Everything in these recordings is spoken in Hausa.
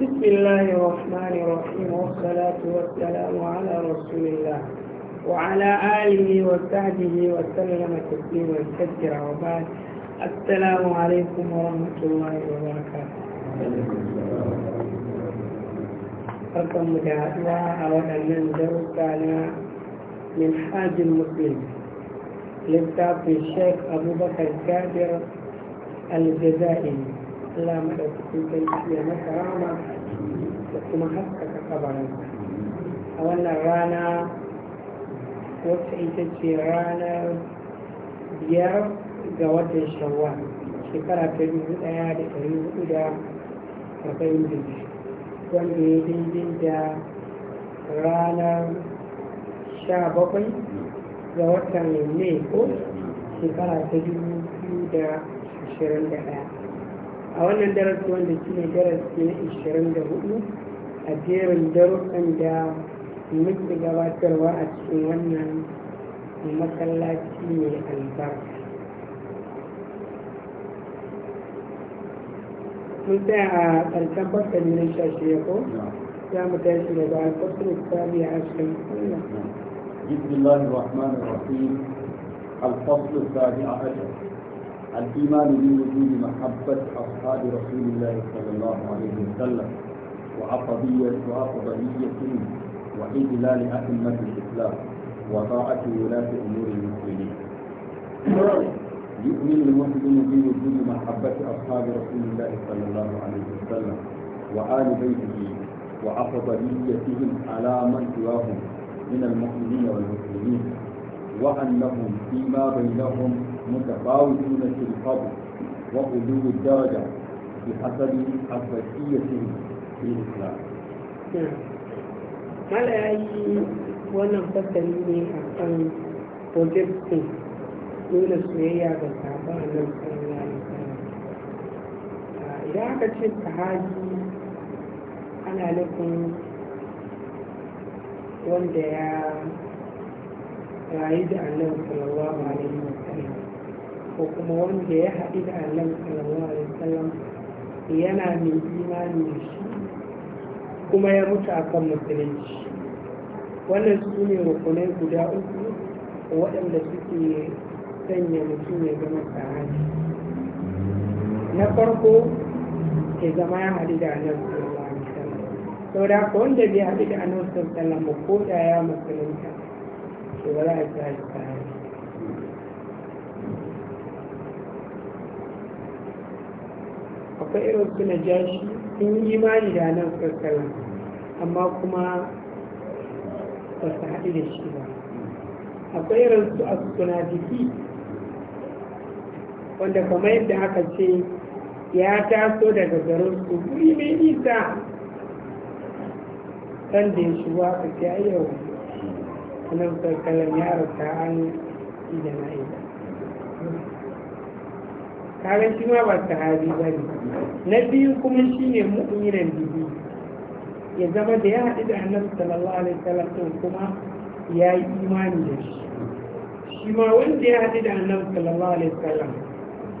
بسم الله الرحمن الرحيم والصلاة والسلام على رسول الله وعلى آله وصحبه وسلم تسليما كثيرا وبعد السلام عليكم ورحمة الله وبركاته أرقم مجاهدة أن من دروسنا من حاج المسلم لكتاب الشيخ أبو بكر الكابر الجزائري Allah madaukakin sarki ya masa rama da kuma haskaka kabarin a wannan rana wata ita ce ranar biyar ga watan Shawwa, shekara ta dubu ɗaya da dari hudu da arba'in da biyu wanda ya daidai da ranar sha bakwai ga watan ne ko shekara ta dubu biyu da ashirin da ɗaya. a wannan darasi wanda shi ne darasi ishirin da hudu a jerin darussan da muke gabatarwa a cikin wannan masallaci mai albarka mun tsaya a ƙarshen fasali na shashe ko za mu tashi daga alfasul tsari a ashirin kullum بسم الله الرحمن الرحيم الفصل a عشر الإيمان بوجود محبة أصحاب رسول الله صلى الله عليه وسلم وعقبية وعقبيتهم وإجلال أئمة الإسلام وطاعة ولاة أمور المسلمين. يؤمن المسلم بوجود محبة أصحاب رسول الله صلى الله عليه وسلم وآل بيته وعقبيتهم على من سواهم من المؤمنين والمسلمين وأنهم فيما بينهم متفاوتون في الفضل وعلو الدرجة بحسب حساسيتهم في الإسلام. هل أي wannan fasali ne a kan project nuna soyayya ga sahaba a nan sallallahu alaihi wasallam idan aka ce sahabi ana nufin wanda ya da annabi sallallahu alaihi ko kuma wanda ya haɗu da annabi sallallahu alaihi wasallam yana mai imani da shi kuma ya mutu akan musulunci wannan su ne rukunai guda uku waɗanda suke sanya mutum ya zama sahabi na farko ya zama ya haɗu da annabi sallallahu alaihi wasallam da haka wanda bai haɗu da annabi sallallahu alaihi wasallam ko da ya musulunta to ba za a sa shi akwai irin su na jashi sun yi imani da nan karkara amma kuma ba su haɗu da shi ba akwai irin su a suna jiki wanda kuma yadda aka ce ya taso daga garin su guri mai nisa kan da ya shigo aka ce ayyau nan karkarar ya rasa an yi da na'iba karanci ma ba hari ba ne na biyu kuma shi ne mu'minan bihi ya zama da ya haɗu da annabi sallallahu alaihi wasallam kuma ya yi imani da shi shi ma wanda ya haɗu da annabi sallallahu alaihi wasallam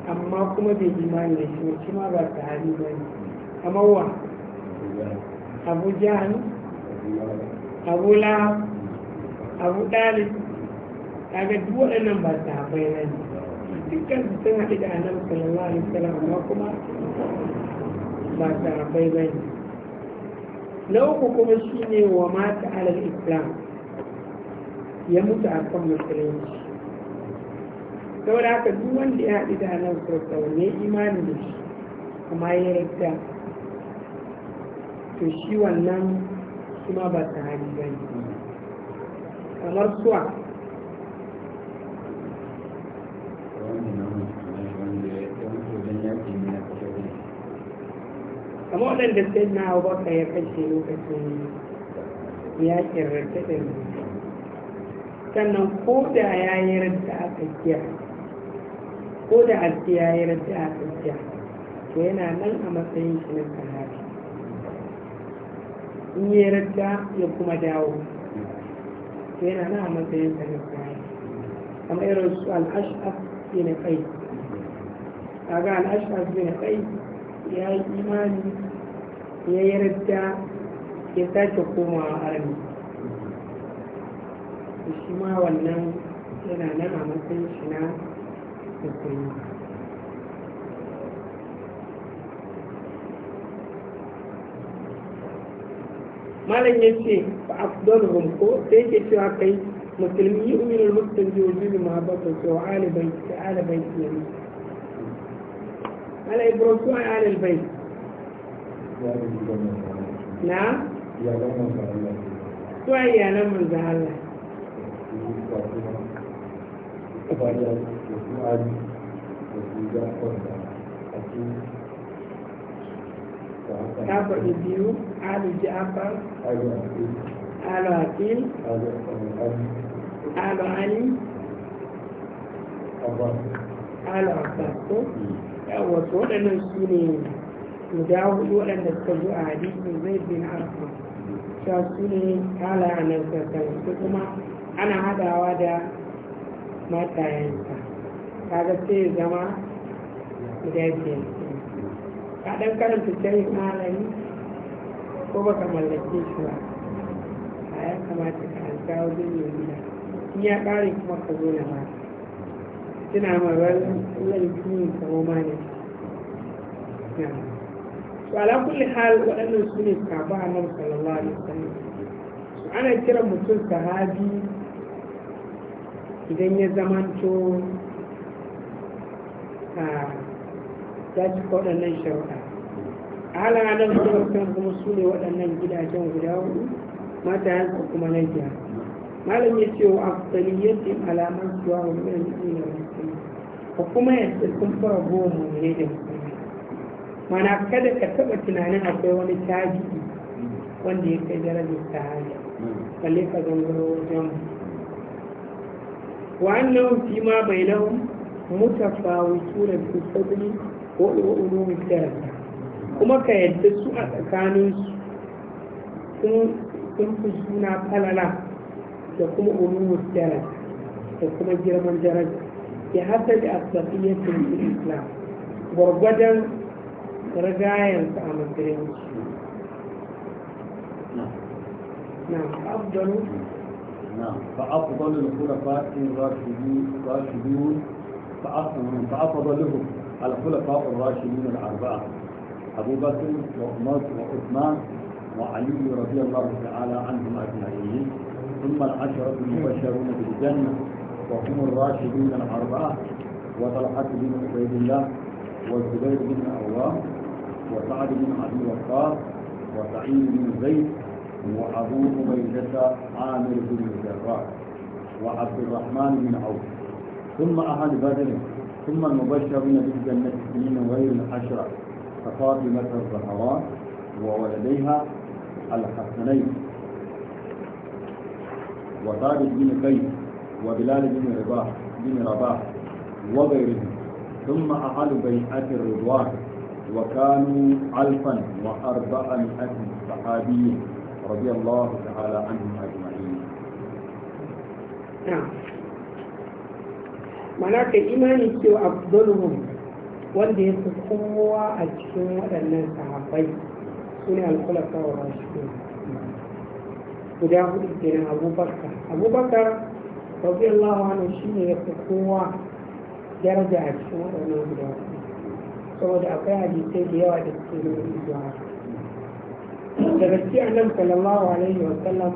amma kuma bai imani da shi shi ma ba hari ba ne amma wa abu jahan abu la abu dalib kaga duk waɗannan ba hafai na ne dukkan sun haɗu da annabi sallallahu alaihi wasallam amma kuma ba sahabbai ba ne na uku kuma shine wa mata alal islam ya mutu a kan musulunci saboda haka duk wanda ya haɗu da annabi sallallahu alaihi wasallam imani da shi amma ya yarda to shi wannan kuma ba ta sahabi ba ne kamar suwa amma waɗanda sai na abubakar ya kashe lokacin yakin rattadin sannan ko da ya yi ranta aka kiya ko da alki ya yi ranta aka kiya to yana nan a matsayin shi na sahabi in yi ranta ya kuma dawo to yana nan a matsayin sa na sahabi kamar irin su al'ashaf bin kai kaga al-ash'as bin kai ya yi imani ya yarda ya sake komawa arni shi ma wannan yana nan a matsayin shi na musulmi malam ya ce ba a ko sai ke cewa kai مسلم يؤمن المسلم بوجود محبته وآل بيت على بيت يعني على إبراهيم على البيت نعم وعي يا لما زعل Jafar da biyu, Ali Jafar, Alo عقيل alo علي alo عباس yawa su waɗannan su ne guda hudu waɗanda suka zo a hadisin zai bin arfa cewa su ne kala a nan sassan su kuma ana haɗawa da matayensa kaga sai zama guda biyar ka ɗan karanta shayin malami ko baka mallake shi ba ya kamata ka ansa wajen mai gida in ya ƙare kuma ka zo na ba tana ma ran lalifin kamo ma ne to ala kulli hal waɗannan su ne sabu annabi sallallahu alaihi wasallam su ana kiran mutum sahabi idan ya zamanto a ya ci waɗannan sharuɗa ala nan kuma su ne waɗannan gidajen guda hudu Mata matayansa kuma na biya malam ya ce wa ce alamar suwa wa mai nufi da mutum ka kuma yadda sun fara goma mu ne da mutum mana kada ka taɓa tunanin akwai wani caji wanda ya kai darajar ta hanya balle ka gangaro wajen mu wa'annan fi ma bai lahun mutafawitu tura su sabili ko ulumi kuma ka yadda su a tsakaninsu sun sun fi suna falala da kuma ulumul daraja da kuma girman daraja ya hasa da asabiyyatin islam gwargwadon ragayensa a musulunci نعم أفضل نعم فأفضل الخلفاء الراشدين الراشدون فأفضلهم الخلفاء الراشدين الأربعة أبو بكر وعمر وعثمان وعلي رضي الله تعالى عنهم أجمعين ثم العشرة المبشرون بالجنة وهم الراشدون الأربعة وطلحة بن عبيد الله والزبير بن عوام وسعد بن عبد الوقاص وسعيد بن زيد وأبو عبيدة عامر بن الجراح وعبد الرحمن بن عوف ثم أهل بدر ثم المبشرون بالجنة من غير العشرة كفاطمة الزهراء وولديها الحسنين وطارق بن كيس وبلال بن رباح بن رباح وغيرهم ثم أهل بيعة الرضوان وكانوا ألفا وأربعمائة صحابي رضي الله تعالى عنهم أجمعين. نعم. معناك الإيمان أفضلهم والذي ya fi kowa a sune alkulaka wa rashidun guda hudu kenan abubakar abubakar rabbi ne shi ne ya fi kowa daraja a cikin waɗannan guda hudu saboda akwai hadisai da yawa da suke nuna zuwa da gaske annabi sallallahu alaihi wa sallam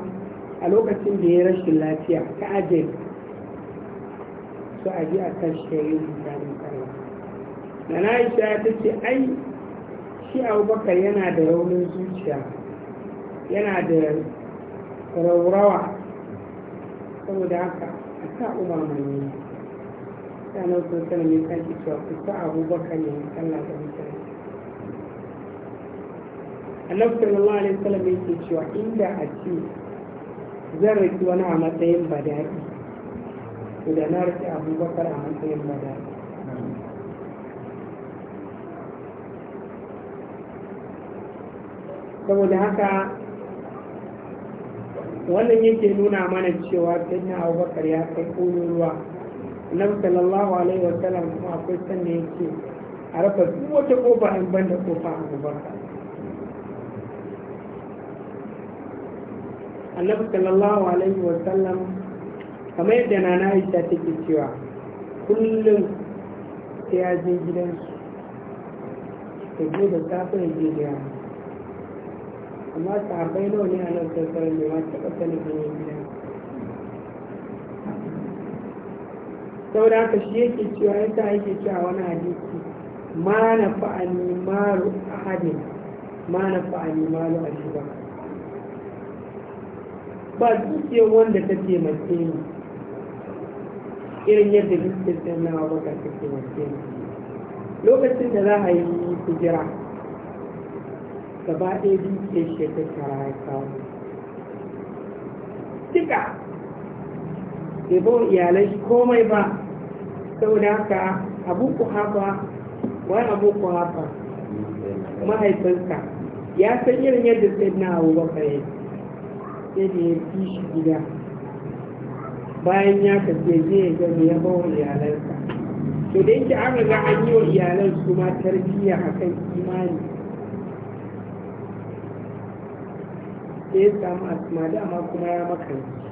a lokacin da ya rashin lafiya ta ajiyar su aji a kan shayin mutanen karya. da na aisha ta ce ai shi abubakar yana da raunin zuciya yana da raurawa saboda haka a sa umar mani sun sani mai sake cewa ku sa abubakar ne sallah da mutane annabi sallallahu alaihi wasallam yake cewa inda a ce zan riki wani a matsayin badari to da na riki abubakar a matsayin badari saboda haka wannan yake nuna mana cewa sayyidina abubakar ya kai ƙoyo ruwa annabi sallallahu alaihi wa sallam kuma akwai sanda yake a rufe duk wata kofa in banda kofa abubakar annabi sallallahu alaihi wa sallam kamar yadda na aisha take cewa kullum sai ya je gidansu Ta zo da safin ya je amma sahabbai nawa ne a nan sassarar ne ma taɓa sanin hanyar gida saboda haka shi yake cewa yasa yake cewa wani hadisi ma na fa'ani maru ahadin ma na fa'ani maru a shi ba ba dukiyar wanda ta taimake ni irin yadda ɗin sannan abubakar ta taimake ni lokacin da za a yi hijira gaba ɗaya dukiyar shi ta tara ya kawo Tika, bai iyalai komai ba saboda haka abu ku hafa wani abu ku hafa mahaifinsa ya san irin yadda sai na abu ba kare, sai da ya fi shi gida bayan ya tafiye zai ya gani ya bawa iyalansa to da yake an riga an yi wa iyalan su ma tarbiyya akan imani da ya samu asma amma kuma ya maka makanci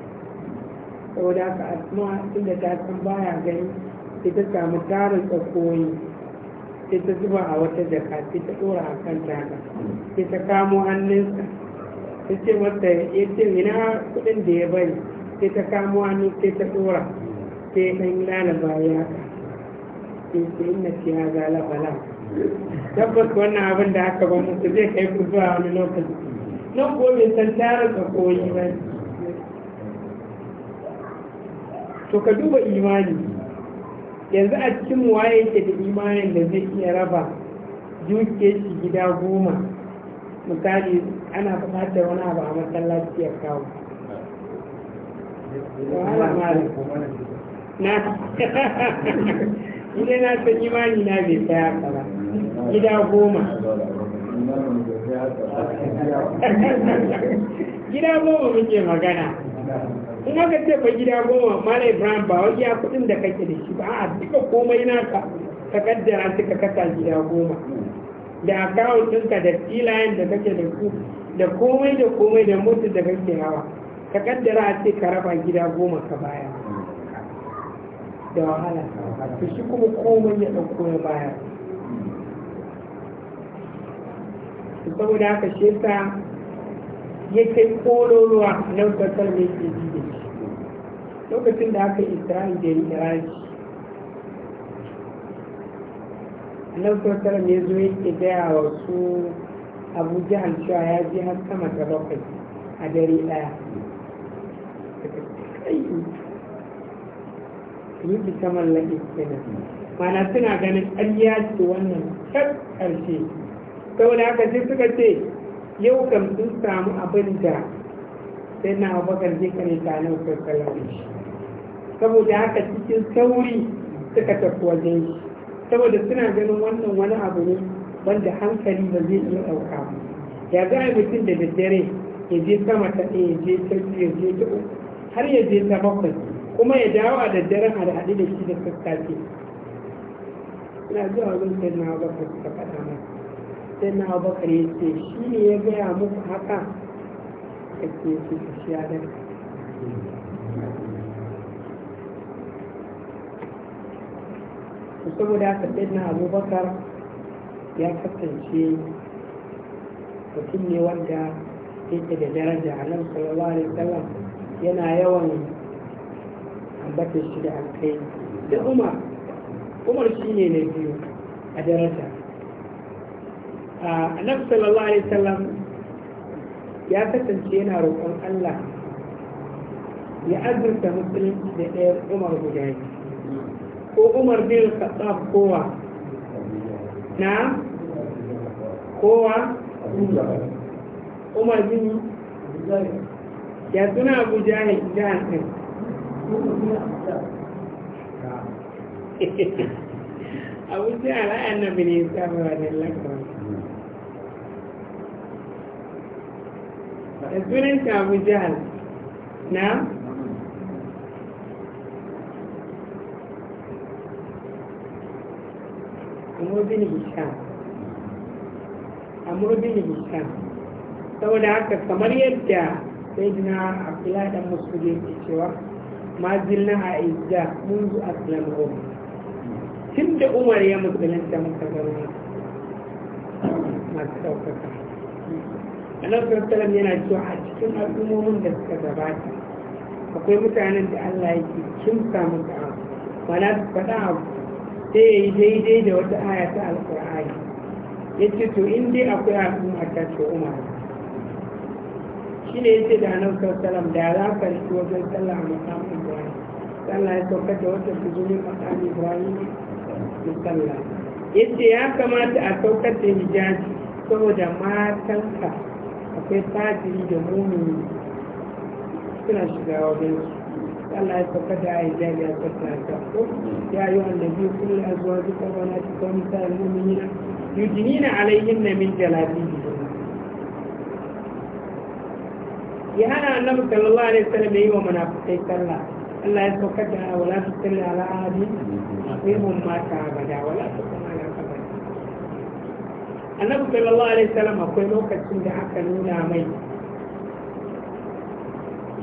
saboda haka asma inda ta san baya gani sai ta samu tarin tsakoyi sai ta zuba a wata jaka sai ta ɗora a kan jaka sai ta kamo hannunsa sai ce mata ya ce ina kuɗin da ya bari sai ta kamo hannu sai ta ɗora sai ɗan lalaba ya ka sai ta yi ce ya zala bala tabbas wannan abin da aka ba musu zai kai ku zuwa wani lokaci nan ko bai san tara ka koyi ba to ka duba imani yanzu a cikin waye yake da imanin da zai iya raba dukiyar shi gida goma misali ana buƙatar wani abu a masallaci ya kawo na ile na san imani na bai tsaya kala. gida goma gida goma muke magana in aka ce fa gida goma mala ibrahim ba wani ya kudin da kake da shi ba a duka komai naka ka kaddara suka kasa gida goma da akawun ɗinka da filayen da kake da su da komai da komai da motar da kake hawa ka kaddara a ce ka raba gida goma ka baya da wahala to shi kuma komai ya ɗauko ya baya saboda haka shi yasa ya kai kololuwa na kasar mai ke ji lokacin da aka isra'il da iraki nan sosar ne zo yake gaya wa su abu jihar cewa ya ji har sama ta bakwai a dare daya yi ki ta mallake kenan mana suna ganin ƙarya ce wannan can saboda haka sai suka ce yau kam sun samu abin da sai na abubakar je ka ne tare da shi saboda haka cikin sauri suka tafi wajen shi saboda suna ganin wannan wani abu ne wanda hankali ba zai iya ɗauka ba ya ga mutum da daddare ya je sama ta ɗaya ya je ta biyu ya je ta uku har ya je ta bakwai kuma ya dawo a daddaren a haɗu da shi da sassafe suna zuwa wajen sai na abubakar suka faɗa mai sai na abubakar ya ce shi ne ya gaya muku haka ya ce su su shi da saboda haka sai na abubakar ya kasance mutum ne wanda yake da daraja a nan sallallahu alaihi wasallam yana yawan ambatar shi da alkai da umar umar shi ne na biyu a daraja annabi sallallahu alaihi wasallam ya kasance yana roƙon Allah ya azurta musulunci da ɗaya Umar guda ko Umar bin Khattab kowa na kowa Umar bin ya suna Abu Jahil jihar ɗin Abu Jahil annabi ne samuwa da wa da sunanta abu jihar na amurbin hisham amurbin hisham saboda haka kamar yadda sai dina a fila da musulun ke cewa mazil na ha'izza munzu aslam roma tun da umar ya musulunta muka zama masu ɗaukaka annabi sallam yana cewa a cikin al'ummomin da suka gabata akwai mutanen da Allah yake kimsa musu abu mana su faɗa abu sai ya yi daidai da wata aya ta alƙur'ani ya ce to in dai akwai al'umma ta ce umar shi ne ya ce da annabi sallam da za ka shi wajen sallah a makamin ibrahim sallah ya saukar da wata bijimin makamin ibrahim musalla ya ce ya kamata a saukar da hijabi saboda matanka akwai fajiri da mumini suna shiga wajen su Allah ya saka da ayi da ya saka ta ko ya yi annabi kullu azwajuka wa banatika wa nisa'il mu'minina yudnina alayhinna min jalabibihinna ya hana annabi sallallahu alaihi wasallam yi wa munafikai sallah Allah ya saukar da wala tusalli ala ahadin minhum mata abada wala tusalli annabi sallallahu alaihi wasallam akwai lokacin da aka nuna mai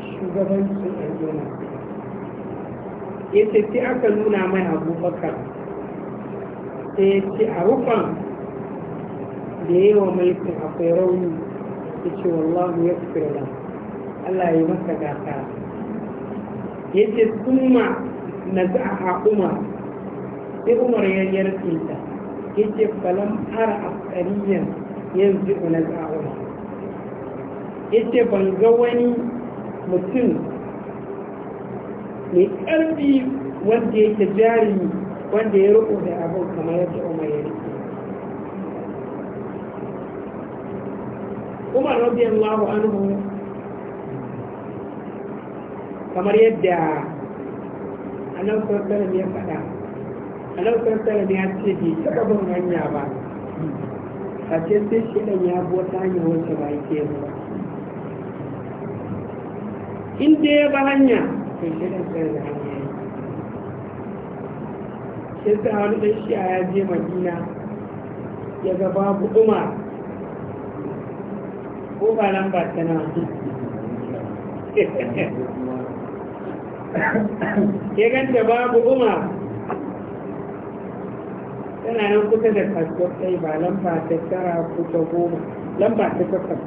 shugabancin al'umma yace sai aka nuna mai abubakar sai ya ce a rufan da ya yi wa mulkin akwai rauni ya ce wallahu ya fi Allah ya yi masa gata ya ce summa na za a umar sai umar ya yarkinta yace falam ara asariyan yanzu na za'ura yace ban ga wani mutum mai ƙarfi wanda yake jari wanda ya riko da abin kamar yadda umar ya rike umar radiyallahu anhu kamar yadda annabi sallallahu ya faɗa alaukar da ya ce bai taba bin hanya ba a ce sai shi ɗan ya bi wata hanya wacce ba ke ba in dai ya ba hanya to shi ɗan da hanya sai sa wani ɗan shi ya je madina ya ga babu umar ko ba nan ba ta nan ya ganta babu umar yana nan kusa da kasuwar sai ba lamba ta tara ko ta goma lamba ta takwas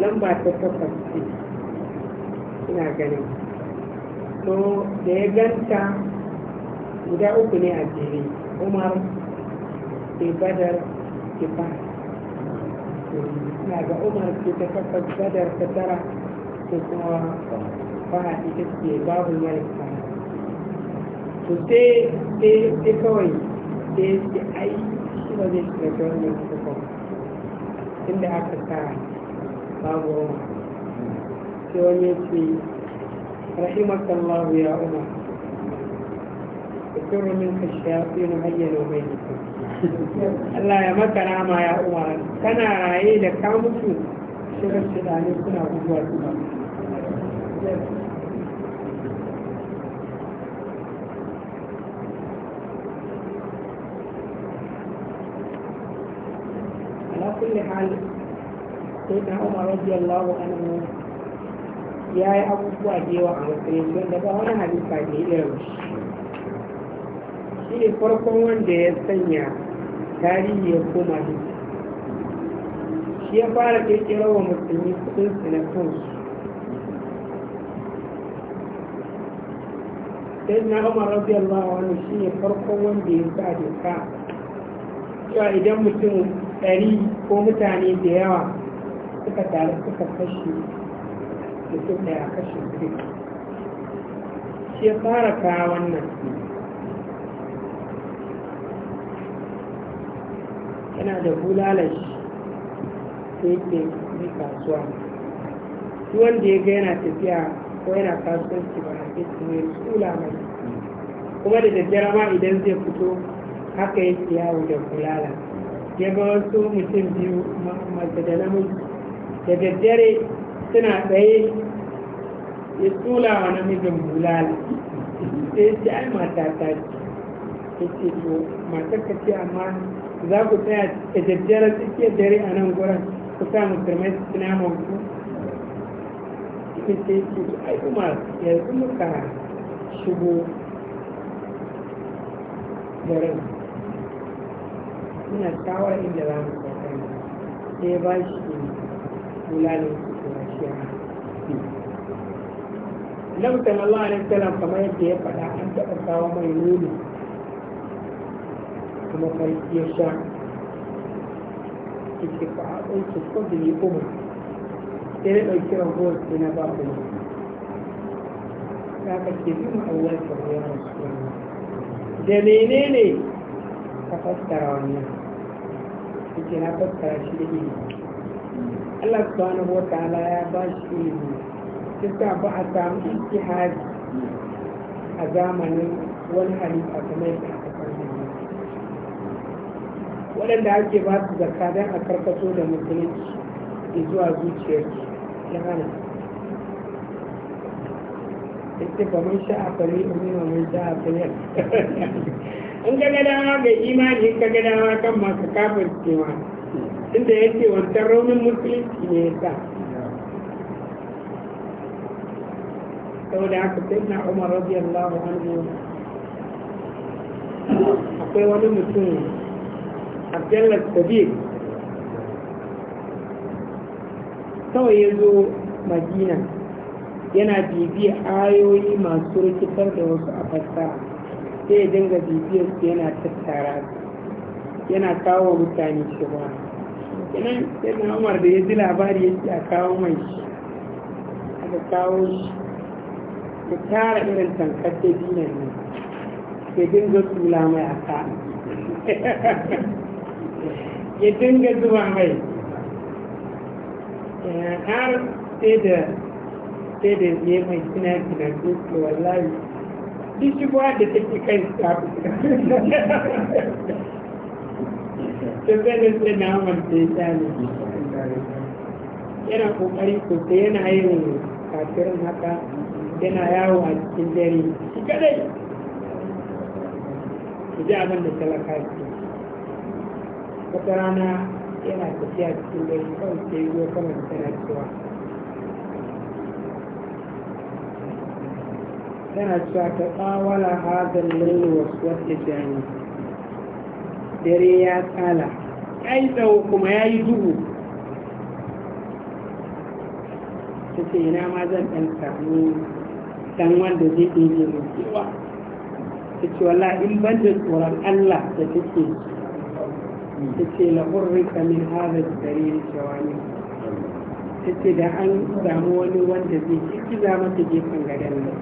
lamba ta takwas ce ina ganin to da ya ganta guda uku ne a jere umar ke badar ke ba ina ga umar ke ta takwas badar ta tara ko kuma fahadi ta ke babu fara sosai ke kawai da ya ce ai shi ba zai shiga ta wannan sufan aka sa babu sai wani ya ce rahimakallahu ya umar تكر منك الشياطين هيا وبينكم كل حال سيدنا عمر رضي الله عنه ya yi abubuwa da a matsayin don da wani halitta da ya irin shi ne farkon wanda ya sanya tarihi ya koma ne shi ya fara kirkira wa musulmi kudin su na sai na shi farkon wanda ya doka idan mutum ɗari ko mutane da yawa suka taru suka kashe su ɗaya kashe su shi ya fara kawo wannan yana da bulala da yake yi kasuwa duk wanda ya ga yana tafiya ko yana kasuwanci ba a ke su mai tsula mai kuma da daddare ma idan zai fito haka yake yawo da bulala ya ga wasu mutum biyu masu da namun da daddare suna tsaye ya tula wa namijin bulala sai ce ai mata ta ce ya ce to mata ka ce amma za ku tsaya da daddare tsakiyar dare a nan gurin ku sa musulmai su tuna ku sai ce to ai kuma yanzu muka shigo garin suna shawara inda za mu kai sai ba shi bulalin lafiya Nabi sallallahu na wasallam kamar yadda ya faɗa an taɓa kawo mai nuni kuma farki ya sha ciki fa a ɗauki kwadili umar sai na ɗauki ragowar sai na ba ku ta ka ce bi ma'awar ka ya rasu da menene ka fassara wannan suke na fassara shi da ilimi Allah subhanahu wa ta'ala ya ba shi ilimi kisa ba a samu ijtihadi a zamanin wani halitta kamar yadda aka farko waɗanda ake ba su zakka don a karkato da musulunci zuwa zuciyar ya hana ita ba mun sha'a fari umina mun a fari in ka gada dama ga imani ka gada dama kan masu kafin cewa inda ya ce wancan raunin musulunci ne ya sa saboda haka sai na umar allahu anhu akwai wani mutum abdullah kabir kawai ya zo madina yana bibi ayoyi masu rikitar da wasu a fassara sai ya dinga bibiyar su yana tattara yana kawo mutane shirwa kenan sai umar da ya ji labari ya ce a kawo mai shi aka kawo shi ya tara irin tankar da dinar ne ya dinga tula mai a ka ya dinga zuba mai har sai da sai da ya mai suna finar duk wallahi duk shi da take kai ta ta zai da na manta ya ta ne yana kokari sosai yana yin kafirin haka yana yawo a cikin dare shi kadai ku ji abin da talaka ce wata rana yana tafiya cikin dare kawai sai yi zo kamar tana cewa tana cewa ta tsawala hadar lalle wasu wasu jami dare ya tsala ya yi tsawo kuma ya yi duhu ta ce ina ma zan ɗan samu dan wanda zai ɗaya mai cewa ta ce wala in ban da tsoron allah da take ta ce rika min hadar dare jawani ta ce da an samu wani wanda zai kiki za mata gefen gadon nan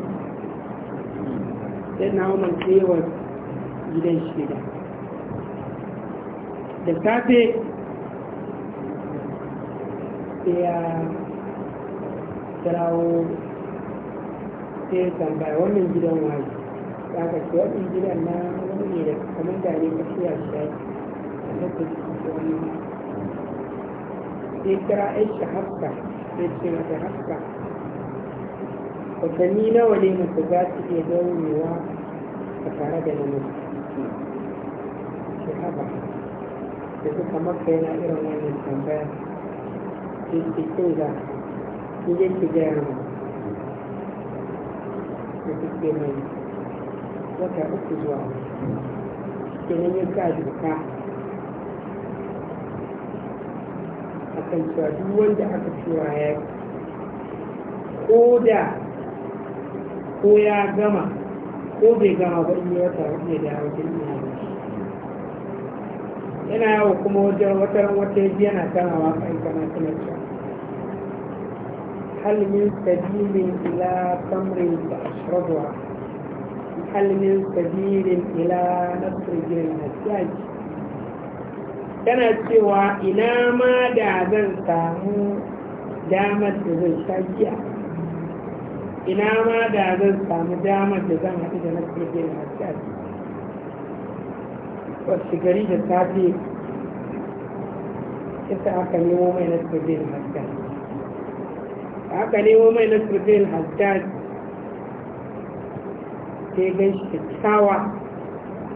sai na umar tsewa gidan shida da safe sai ya tarawo ta yi tambaya wannan gidan wani ya kashe ce gidan na wani ne da kamar da ne ka shiya shi ya yi da ta wani sai kira aisha hafka ta ce mata hafka ni nawa ne mutu za su iya daurewa a tare da namiji shi haka da suka maka yana irin wannan tambaya shi ke kin ga shi yake gaya wata uku zuwa a kan cewa duk wanda aka tura ya ko da ko ya gama ko bai gama ba in yi wata da ya wuce ina yana yawo kuma wajen wata ran wata yaji yana kama waka in kama kuma cewa Halimin sabirin ila samrin da ashrabuwa hal min na ila nasirin nasiyaji tana cewa ina ma da zan samu damar da zai sha giya ina ma da zan samu damar da zan haɗu da na tsaye na haske a wasu gari da safe ita aka nemo mai na tsaye na haske aka nemo mai na tsaye na haske sai gan shi kyakkyawa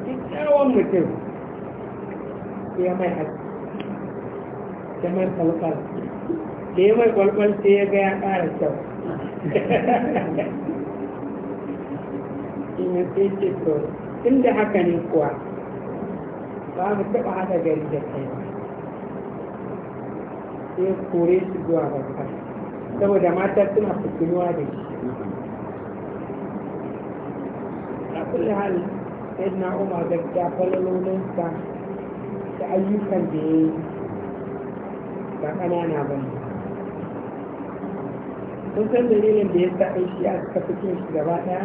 kyakkyawan mutum ya mai haske ya mai kwalkwal da ya mai kwalkwal sai ya ga ya ƙara kyau ina sai to tun da haka ne kuwa ba mu taɓa haɗa gari da kai ba sai kore shi zuwa babba saboda mata suna fitinuwa da shi a kulle hali, sai na umar gaskiya falalolinsa da ayyukan da ya yi ba ƙanana ba ne kun san dalilin da ya sa ɗan shi a suka fi shi gaba ɗaya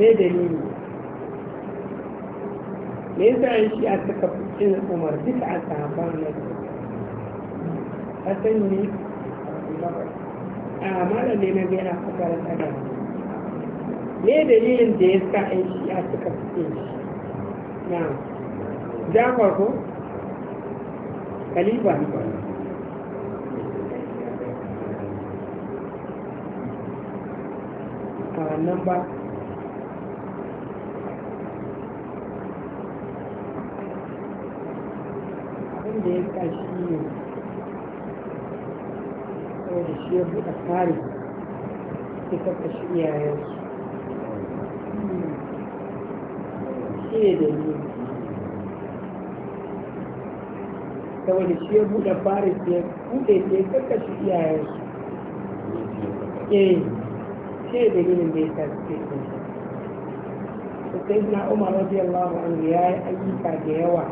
me dalili me sa ɗan shi a suka fi cin umar duka a sahabban nan kasan ne a malam ne na gina fakar tsada me dalilin da ya sa ɗan shi a suka fi cin shi na jafar ko kalifa wannan ba abin da ya sa shi ne saboda shi ya buɗe fari sai kafa shi iyayensu shi ne da yi saboda shi ya que fari sai ya sai dalilin da ya sa suke sun shi sai na umar radiyallahu anhu ya yi ayyuka da yawa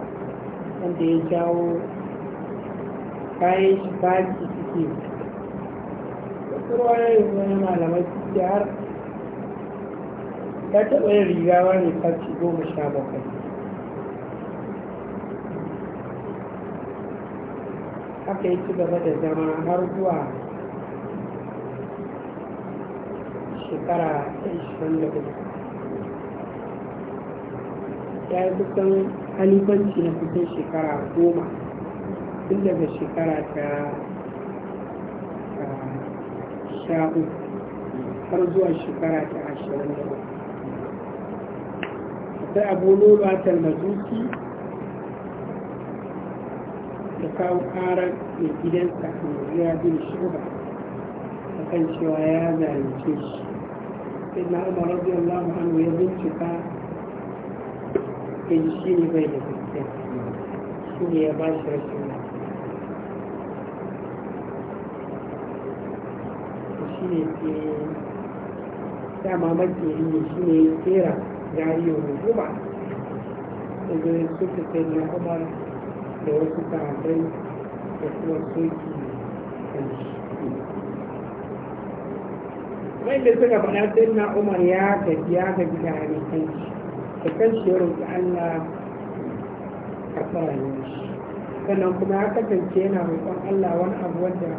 wanda ya jawo kayan shi baki suke wasu ruwayoyin wani malamai suke har ta taɓa yin riga wani fashi goma sha bakwai haka yi ci gaba da zama har zuwa shekara 24 ya yi kusan halifanci na kusan shekara goma tun daga shekara ta sha'u har zuwa shekara ta ashirin da akwai abu lola talmazuki da kawo karar mai gidansa a yanzu ya bin shi ba akan cewa ya zarince shi sai umar rabbi anhu ya bincika in shi ne bai da gaskiya shi ne ya ba shi rashin shi ne ke dama makeri ne shi ne ya tsera jariyo da zuba da zai suka sai umar da wasu sahabbai da kuma soki da shi mai da suka faɗa sai na umar ya tafi ya tafi da hannun da kan shi roƙi allah a tsarayen shi sannan kuma ya kasance yana roƙon allah wani abu wanda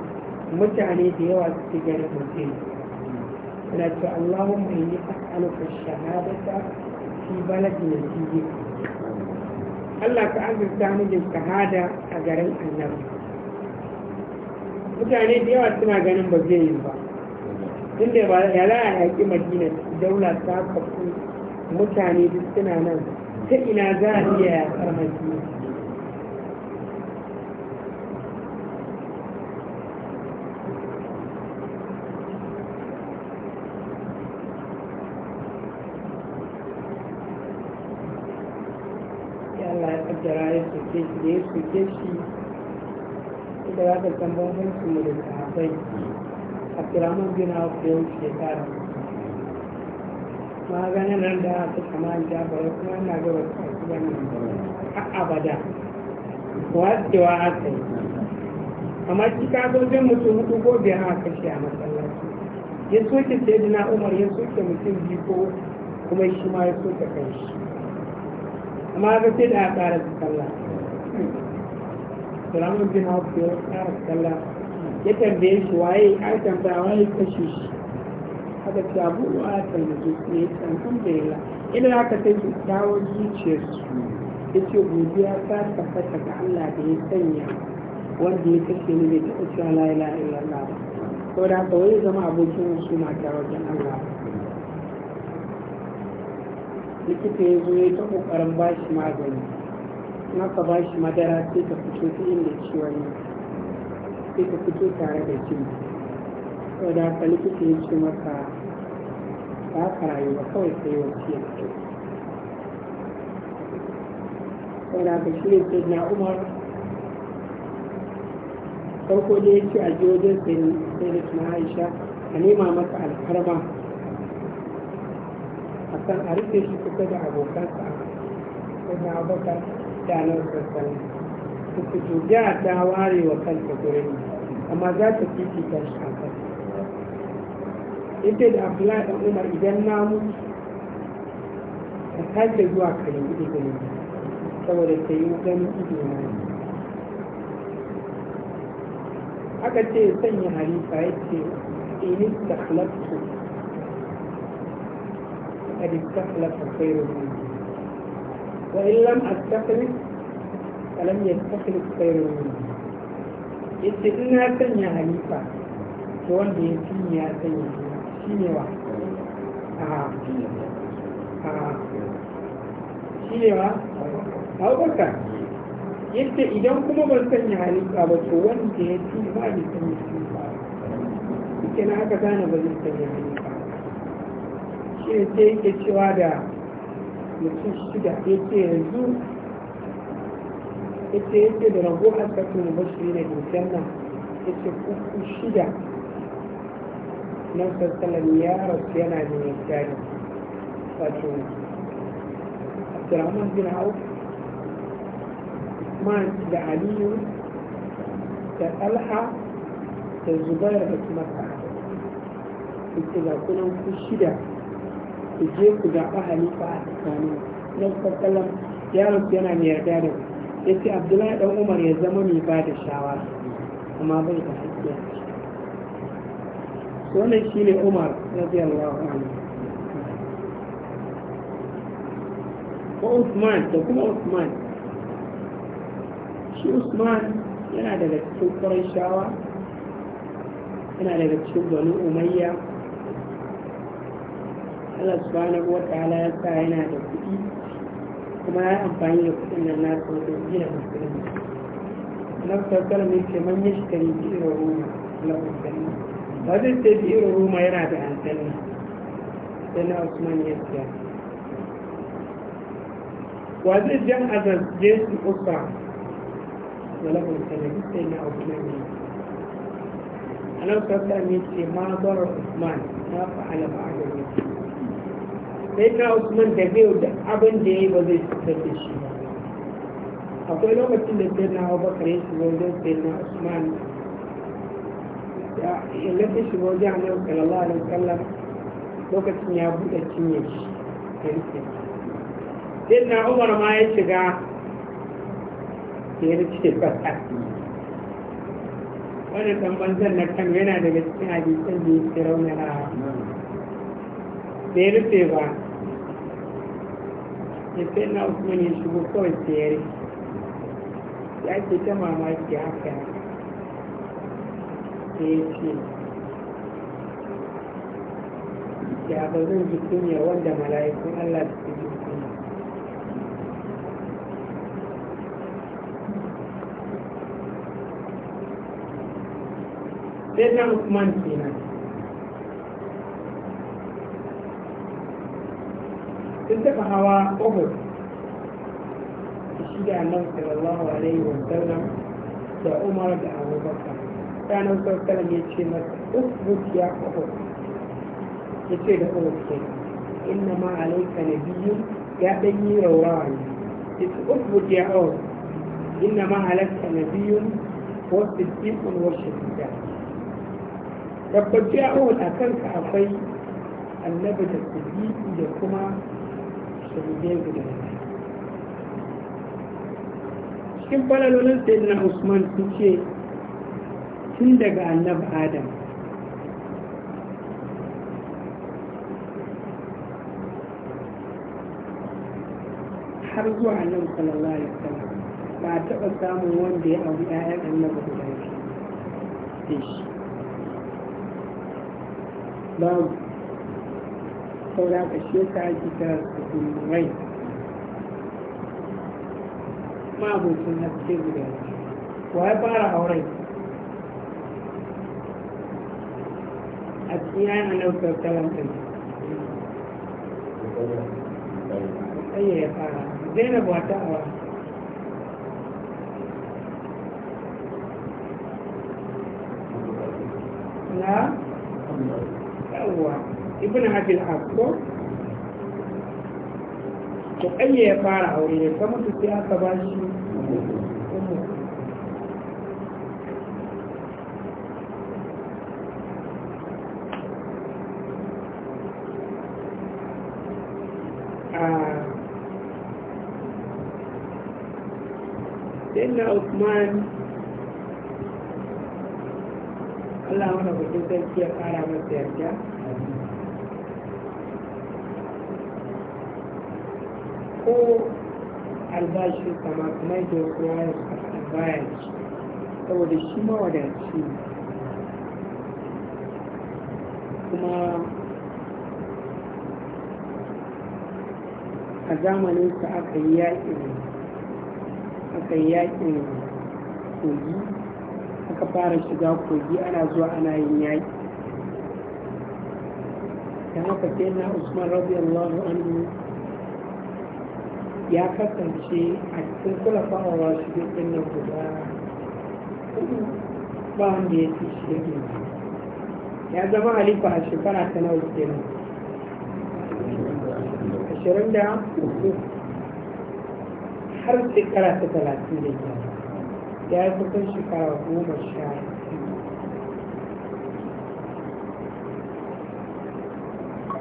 mutane da yawa suke ganin mutum yana ce allahumma inni as'aluka shahadata fi baladi nabiyyi allah ka azurta ni da shahada a garin annabi mutane da yawa suna ganin ba zai yi ba tun da ba ya za a yaƙi madina daula ta kafu mutane duk suna nan ta ina za a iya yaƙar madina Allah ya kaddara ya soke shi da ya soke shi da za ka san bambancin mu da sahabbai abdurrahman bin auf da ya wuce shekara maganin nan da ta kamar jabar kuma na gaba ta gidan nan abada wacewa aka yi amma shi ka zo zai mutum hudu ko biyar a kashe a masallaci ya soke sai na umar ya soke mutum biyu ko kuma shi ma ya soke kanshi amma ga sai da a ƙara sallah salamu bin hafiya ya ƙara sallah ya tambaye shi waye ai tambaya waye kashe shi haka ta abu a taimake su ne alhamdulillah idan aka ta kyakkyawar zuciyarsu ya ce godiya ta tabbata ga Allah da ya sanya wanda ya kashe ni bai taɓa cewa la ilaha illallah ba saboda haka wani zama abokin wasu mata wajen Allah likita ya zo ya ta ƙoƙarin ba shi magani in aka ba shi madara sai ta fito ta inda ciwon yake sai ka fito tare da jini saboda haka likita ya ce maka ba ka kawai sai wasiya saboda haka shi ne na umar farko da ya ce a ji wajen sai da tuna aisha a nema masa alfarma a kan a rufe shi kusa da abokansa sai na abokan da nan sassan to ya ta ware wa kanta gurin amma za ta fifita shi a kan ita da abdullahi da umar idan na mutu ka sake zuwa ka nemi izinin saboda ta yi gani ido na aka ce sanya halifa ya ce ini da halaktu a dikkan halakta kai rubutu wa illam a falam ya tafi tsayin ya ce in ya sanya halifa to wanda ya fi ya sanya shi ne wa shi ne wa abubakar yadda idan kuma ba ban sanya halifa ba to wanda ya fi ba ya sanya Ya suke na haka gane ba zai sanya halifa shi ne sai cewa da mutum shida ya ce yanzu انت انت بربوحة كنت مباشرين يا جنسانا انت كنت الشجع نفس السلام يا ربنا يا جنسانا فاتشونا السلام عليكم عوف ما انت لعلي تألحى تزبير بسمك انت لا كنت في الشجع تجيب كدعاها لفعة الثانية نفس السلام يا ربنا يا جنسانا ya ce abdullahi dan umar ya zama mai ba da shawara amma bai da hakiya wannan shi ne umar radiyallahu anhu ko usman da kuma usman shi usman yana daga cikin kwarai shawa yana daga cikin gwani umayya Allah subhanahu wa ta'ala ya sa yana da kuɗi kuma ya amfani da kudin nan na ko da jiya da kudin nan saukar mai ce man yi shikari biyar roma na kudin ba zai ce biyar roma yana da antenna sai na usman ya siya wa zai jan azaz jesu ufa da labar sanadi sai na usman ya a nan saukar mai ce ma zara usman na fa'ala ba'adar yake sai na usman da biyu da abin da ya yi ba zai cutar da shi ba akwai lokacin da sai na abubakar ya shiga wajen sai na usman ya lafi shiga wajen annabi sallallahu alaihi kalla. lokacin ya buɗe cinye shi sai na umar ma ya shiga ya rike fasa wani tambanzan na kan yana daga cikin abincin da ya raunana bai rufe ba ya na usman ya shigo kawai tsere ya ce ta mamaki haka ya ce ya ba zan ji kunya wanda mala'ikun allah su ji kunya sai na usman kenan sun tafa hawa uhud shi da annabi sallallahu alaihi wa sallam da umar da abubakar ranar sarkarar ya ce masa uhud ya uhud ya ce da uhud ke inna ma alaika na biyu ya ɗan yi raurawa ne ya ce uhud ya uhud inna ma alaika na biyu wasu jikun wasu gida tabbaci a uhud a kanka akwai annabi da siddiqi da kuma cikin falalolin sayyidina usman sun ce tun daga annab adam har zuwa annab sallallahu alaihi wasallam ba a taɓa samun wanda ya abu ƴaƴan annabi guda biyu shi. saura ka shi yasa ake kira su kulmurai ma abokin haske guda wa ya fara auren a cikin yana naukar talanta ne ya fara zainab wata awa ibn habil hasko to kanye ya fara aure ne ta mutu sai aka ba shi ah. Allah wani ya fara masa yarda ko albashi kama kuma yake kowa ya baya ci saboda shi kuma a zamanin ka aka yi yakin aka yi yakin kogi aka fara shiga kogi ana zuwa ana yin yaki don haka sai na usman rabiyallahu anhu ya kasance a cikin kula fa'awa su dukkan nan guda ba wanda ya ci shi yake ya zama halifa a shekara ta nawa ne. ashirin da uku har shekara ta talatin da biyar ya yi kusan shekara goma sha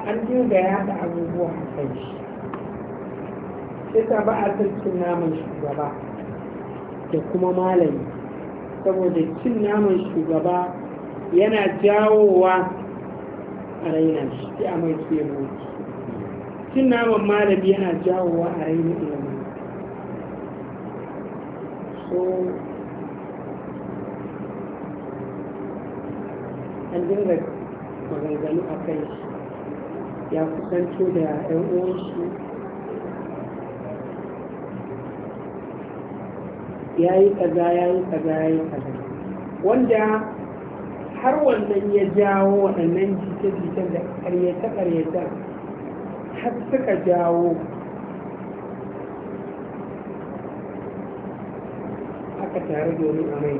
an biyu da ya haɗa abubuwa a kan shi yasa ba a san cin naman shugaba da kuma malami saboda cin naman shugaba yana jawowa a raina shi a mai tsoro cin naman malami yana jawowa a raina ilimi so an dinga maganganu a kai ya kusanto da 'yan shi ya yi kaza ya yi kaza ya yi kaza wanda har wannan ya jawo waɗannan jike jitan da ƙaryata-ƙaryata har suka jawo aka tare domin a mai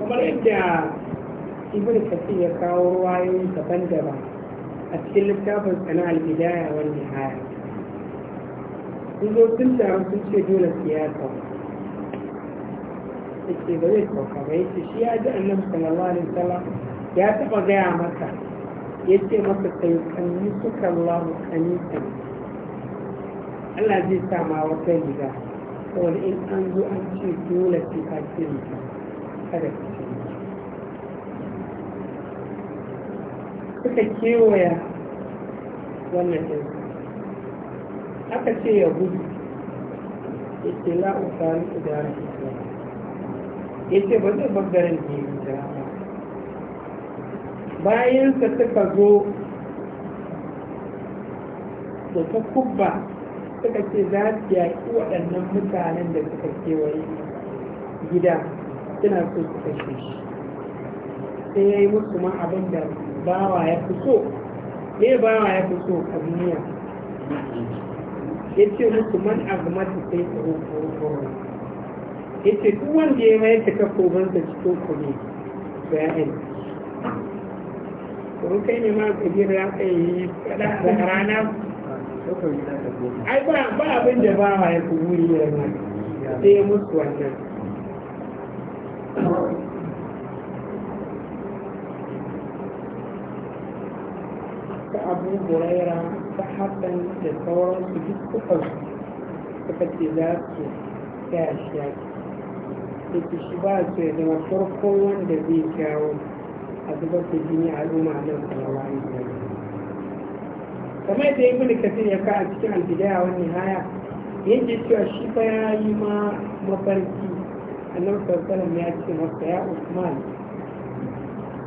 kamar yadda ibn Kashi ya kawo ruwayoyi daban-daban a cikin littafin tsanar al-bidaya wani haya. sun zo sun taru sun ce dole siyasa yake ba zai sauka ba yake shi ya ji annabi sallallahu alaihi wasallam ya taba gaya maka ya ce maka sai kanni suka Allah kanisa Allah zai sa ma wata riga saboda in an zo an ce dole sai ka ce riga kada ka ce suka kewaya wannan ɗin aka ce ya gudu yake la'uka idan da yake ba zai bangaren da bayan gudu bayansa suka zo da ta kubba suka ce za su yaƙi waɗannan mutanen da suka kewaye gida suna so su kashe shi sai ya yi musu ma abin da bawa ya fi so ne bawa ya fi so a duniya yace muku musu man agmatu sai tsoro tsoro ya ce duk wanda ya mai mayar da kafofinsa cikin kome da ya yi kuma kai ne ma ka jira kai yi fada da rana ai ba ba abin da ba ma ya wuri ya ma sai ya musu wannan abu hurairah ta hakan da su duk su suka ce za su ya shi da shi ba su ya zama farko wanda zai jawo a zubar da jini a al'umma a nan salawa ne kamar yadda ibn kasir ya ka a cikin albidaya wani haya yake cewa shi fa ya yi ma mafarki a nan sallallahu ya ce masa ya usman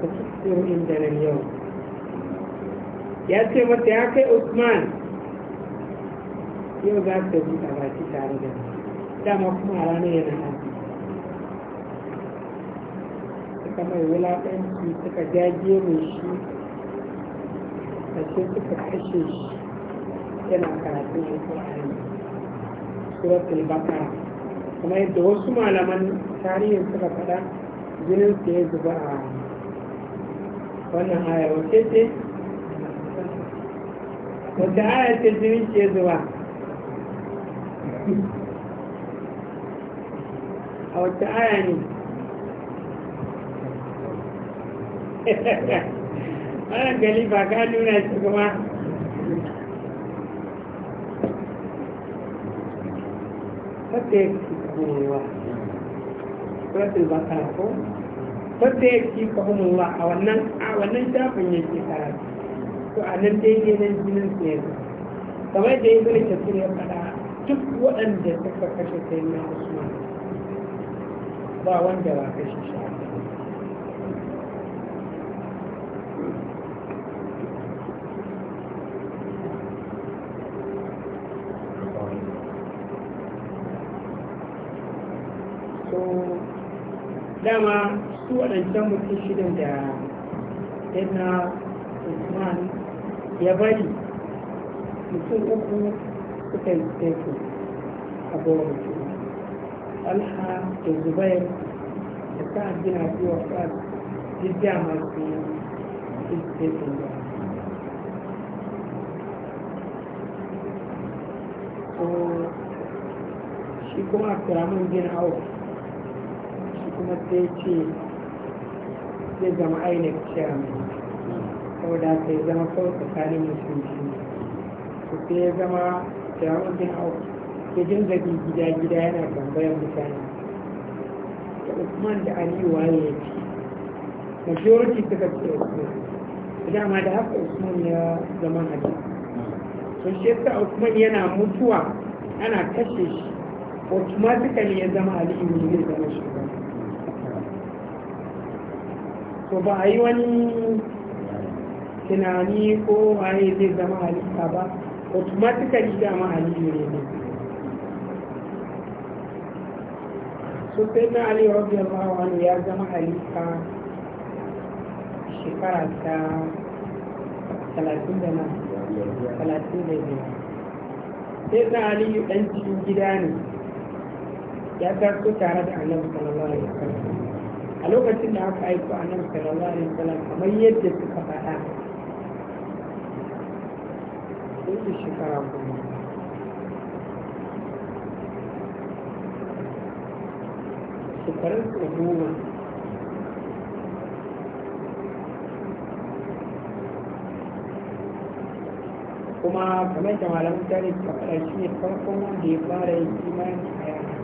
ka tsoro inda nan yau ya ce mata ya kai usman yau za ta buɗa baki tare da ni dama kuma a ranar yana hafi suka mai wulaƙanci suka jage mai shi a ce suka kashe shi yana karatun alƙur'ani suratul bakara kuma yadda wasu malaman tarihin suka faɗa jinin su ya zuba a wannan aya wace ce wata aya ce jini ke zuwa a wata aya ne wannan gani ba ka nuna shi kuma wata ya ci kamuwa wata ba ka ko wata ya ci kamuwa a wannan shafin yake karatu to a nan dai ne nan jinin su yanzu kamar da ya zai tafi ya faɗa duk waɗanda suka kashe sai na usman ba wanda ba kashe shi dama su waɗancan mutum shirin da yana Usman ya bari mutum uku suka yi teku a goma mutum alha da zubair da sa'ad bin abi sa'ad jidda masu yi teku ba shi kuma abdurrahman bin auf shi kuma sai ce zai zama ainihin chairman saboda ta yi zama kawai tsakanin ya sun shi to ya zama jami'in bin auf ya jin zafi gida gida yana tambayar mutane da usman da aliyu waye ya ce majority suka ce usman dama da haka usman ya zama hadisi sun shi yasa usman yana mutuwa ana kashe shi automatically ya zama aliyu ne zai zama shugaba to ba a yi wani tunani ko waye zai zama halitta ba automatically dama haliyu ne ne su sai na ali radiyallahu anhu ya zama halitta shekara ta talatin da nan talatin da sai na aliyu dan cikin gida ne ya taso tare da annabi sallallahu alaihi wasallam a lokacin da aka aiko annabi sallallahu alaihi wasallam kamar yadda suka faɗa da shekara kuma shekarun su goma kuma kamar da malamin tare da faɗa shi ne farkon wanda ya fara yin imani a yana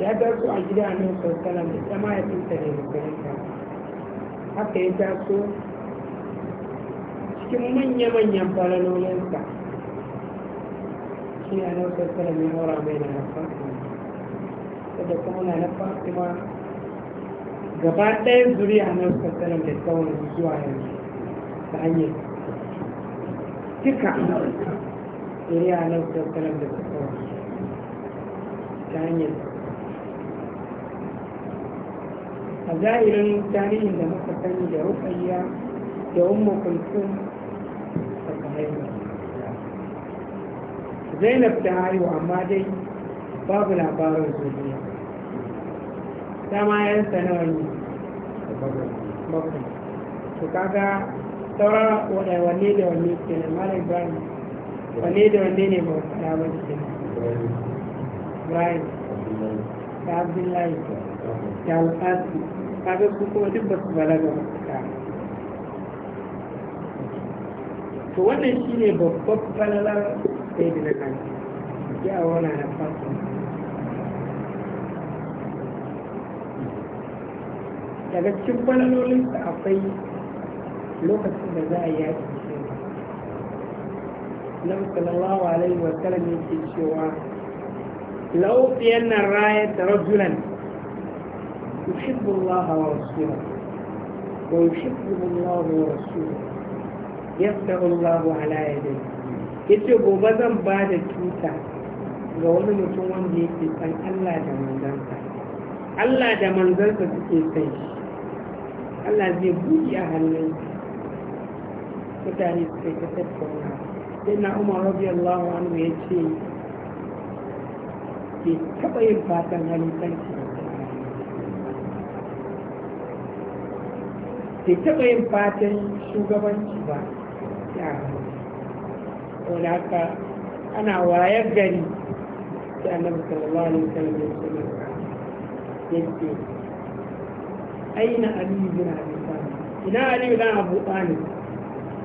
ya taso a gida a nan sosai da ita ma ya fi tsinta da musulunta haka ya taso cikin manya-manyan falalolinsa shi a nan sassara mai haura mai na nafa da kuma na nafa kuma gaba ɗaya zuri a nan sassara da tsawon zuwa yanzu ta hanyar duka zuri a nan sassara da tsawon ta hanyar a zahirin tarihin da muka sani da rukayya da umma kulsum zainab ta haihu amma dai babu labarin zuriya dama yansa nawa ne kaga saura wanne da wanne ke nan mara ibrahim wanne da wanne ne ba ba ke nan ibrahim da abdullahi ta alƙasi kaga su kuma duk ba balaga ba su to wannan shi ne babban falalar sai da na kan ya wana na fasa daga cikin falalolinsa akwai lokacin da za a yi yaki Nabi sallallahu alaihi wa sallam yake cewa لو في أن الراية رجلا يحب الله ورسوله ويحبه الله ورسوله yafta Allahu ala yadayhi yace gobe zan ba da tuta ga wani mutum wanda ke san Allah da manzansa Allah da manzansa suke san shi Allah zai buɗe a hannun mutane su kai ta tattauna sai na Umar radiyallahu anhu ya ce ke taɓa yin fatan halittanci ke taɓa yin fatan shugabanci ba wani haka ana wayar gari sai annabi sallallahu alaihi wasallam ya ce aina ali bin abi talib ina ali bin abu talib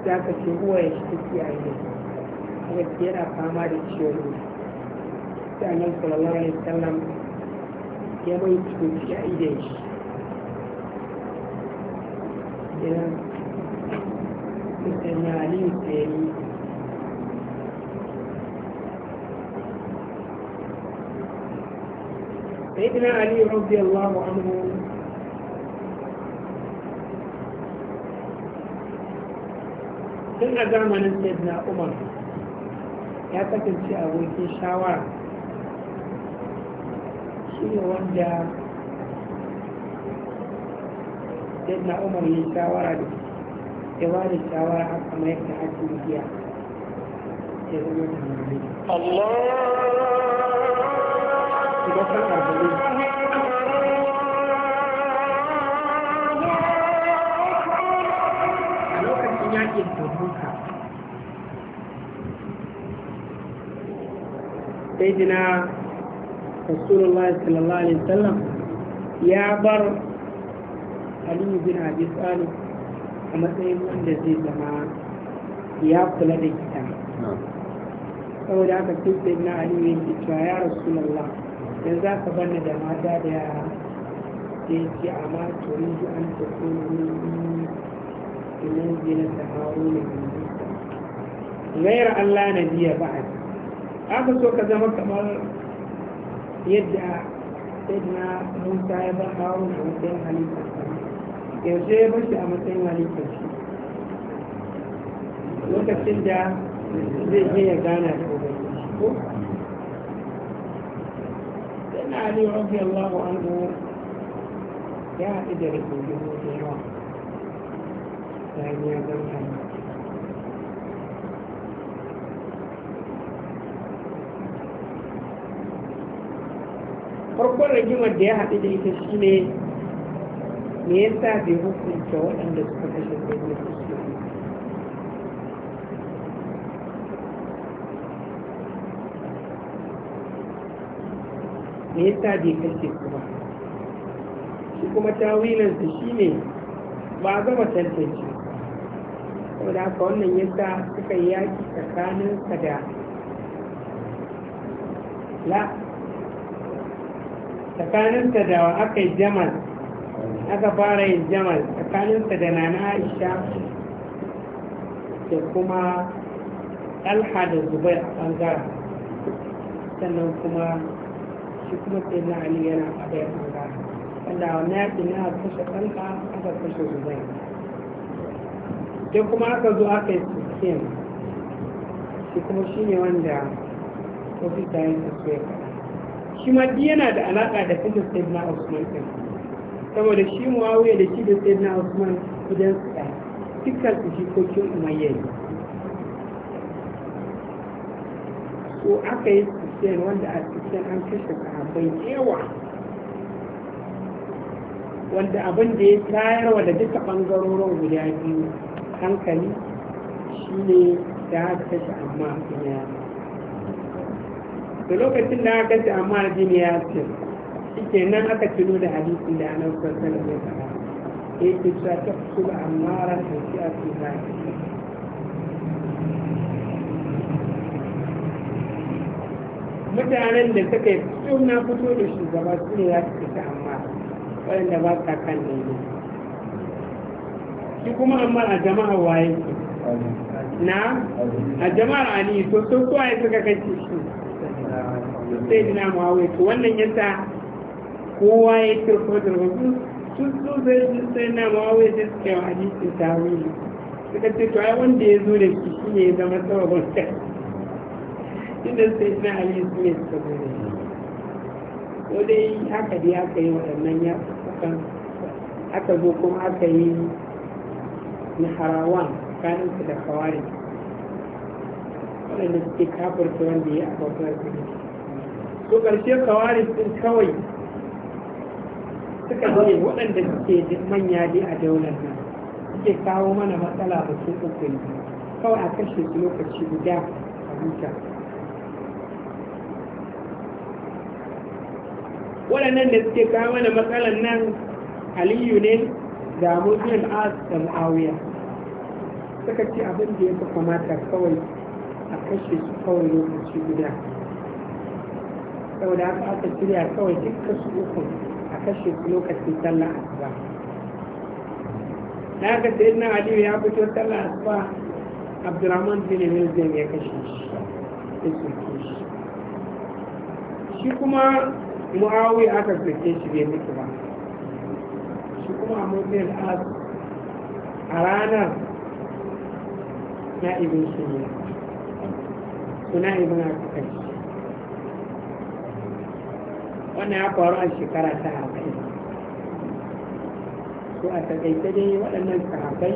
sai aka ce uwa ya shi kiyaye ne yana fama da ciwon sai annabi sallallahu alaihi wasallam ya mai cikin shi shi tunanin da ya yi سيدنا علي رضي الله عنه tun a zamanin sayyidina umar ya kasance abokin shawara shi ne wanda sayyidina umar ya shawara da jawabin shawara a kamar yadda ake biya sai zama da hannu Allah idan yakin tabuka sai jina rasulullah sallallahu alaihi wasallam ya bar aliyu bin abi talib a matsayin wanda zai zama ya kula da gida. saboda aka sai sai na aliyu ya cewa ya rasu rasulullah yanzu za ka banna da mata da yara ce amma to yi ji an ta kuma ilan zina ta haro ne gairar allah na biya ba'ad aka so ka zama kamar yadda sai na musa ya ba haro na matsayin halittar yaushe ya bashi a matsayin halittar shi lokacin da zai je ya gana da ubangiji ko sannan ali rabbi allahu anhu ya haɗu da rikodin da yawa bayan ya zama farkon rigimar da ya haɗu da ita shi ne me yasa bai hukunta waɗanda suka kashe sai da me yasa bai kashe su ba shi kuma tawilansa shi ne ba a gama tantance saboda haka wannan yasa suka yaki tsakaninsa da la tsakaninsa da aka yi jamal aka fara yin jamal tsakaninsa da nana aisha da kuma alha da zubai a ɓangaren sannan kuma shi kuma sai na ali yana a bayan ɓangaren wanda wani yaƙi na aka kashe ɗanka aka kashe zubai sai kuma aka zo aka yi sukin shi kuma shi ne wanda ofisa yin yi ya shi ma yana da alaƙa da kashe sai na usman saboda shi muawiya da shi da sayyidina usman idan su ɗaya dukkan su jikokin umayya ne ko aka yi sufyan wanda a cikin an kashe sahabbai yawa wanda abin da ya tayarwa da duka ɓangarorin guda biyu hankali shi ne da aka kashe amma a ya da lokacin da aka kashe amma jini ya ce shike nan aka tuno da hadisin da annabi sallallahu alaihi ya ce yake cewa ta da amara ta shi a ba mutanen da suka yi fito na fito da shugaba su ne za su fita amma waɗanda ba sa kan ne shi kuma amma a jama'a waye na a jama'ar ali to so kowa ya suka kai shi sai dina mawai to wannan yasa kowa ya kirko da rubutu sun so zai sun sai na mawai da suke wa hadisin tawili suka ce to ai wanda ya zo da shi shi ne ya zama sama sa inda sai na ali su ne suka zo da shi ko dai haka dai aka yi waɗannan ya aka zo kuma aka yi na harawan su da kawari waɗanda suke kafarta wanda ya abokan su ne to ƙarshe kawari sun kawai suka zo ne waɗanda suke manya dai a daular nan suke kawo mana matsala ba su uku ne kawai a kashe su lokaci guda a huta waɗannan da suke kawo mana matsalan nan aliyu ne da mutum as da mu'awiya suka ce abin da ya fi kamata kawai a kashe su kawai lokaci guda saboda da aka shirya kawai dukkan su uku kashe lokaci sallah asuba na haka sai na aliyu ya fito sallah asuba abdurrahman bin milzim ya kashe shi ya soke shi shi kuma mu'awi aka soke shi bai mutu ba shi kuma amur bin al'as a ranar na ibin shi ne suna ibin aka kashe wannan ya faru a shekara ta arba'in ko a takaice dai waɗannan sahabai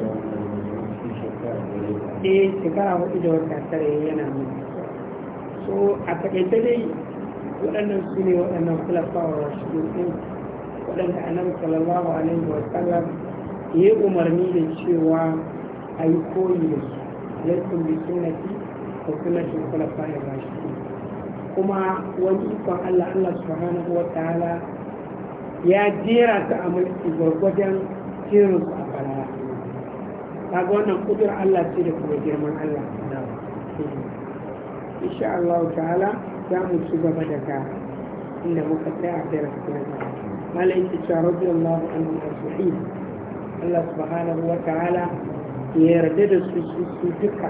eh shekara hudu da wata tare yana mutu so a takaice dai waɗannan su ne waɗannan kulafawa shigo ɗin waɗanda annabi sallallahu alaihi wa sallam ya umarni da cewa a yi koyi da su alaikum bi sunnati kuma shi kulafawa ya bashi kuma wani ikon Allah Allah subhanahu wa ta'ala ya jera ta a mulki gwargwajen jerin a bala ta ga wannan kudur Allah ce da kuma girman Allah insha Allah ta'ala za mu ci gaba daga inda muka tsaya a darasi na malaiki cewa radiyallahu anhu ajma'in Allah subhanahu wa ta'ala ya yarda da su su duka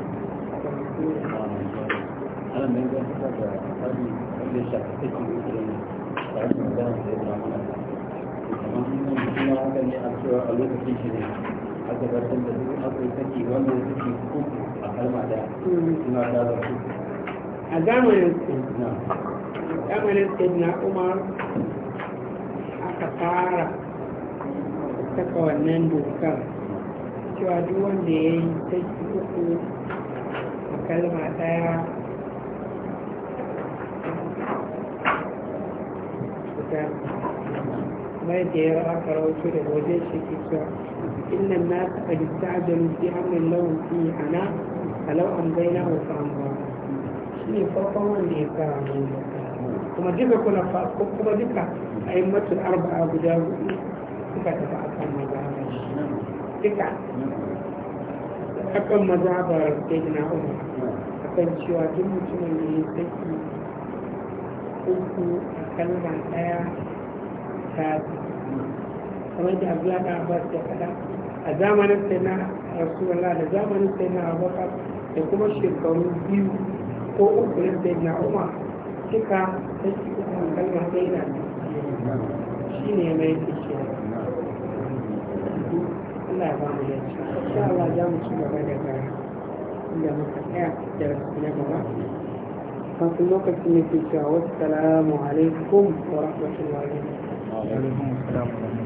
a zamanin su zamanin su na umar aka fara saka wannan dokar cewa duk wanda ya yi uku كلمة ساعة ما يدير أكثر وشرع وجيش كيسوع إن الناس قد استعجلوا في أمر لهم فيه أنا فلو أمضيناه فأمضى شنو فوقهم اللي يفعلون كما جيب كل فاق كما جيب أئمة الأربعة بجاو كيف تفعل مذهب كيف حكم مذهب سيدنا عمر kan cewa duk mutumin da ya saki uku a kalma ɗaya ta kamar da abu da abbas ya kada a zamanin sai na rasulallah da zamanin sai na abubakar da kuma shekaru biyu ko uku na sai na umar duka saki uku a kalma ɗaya na shi ne ya mai fice Allah ya ba mu yanci. Insha Allah za mu ci gaba da gara. inda muka na gaba kafin lokacin da ke cewa wasu salamu wa rahmatullahi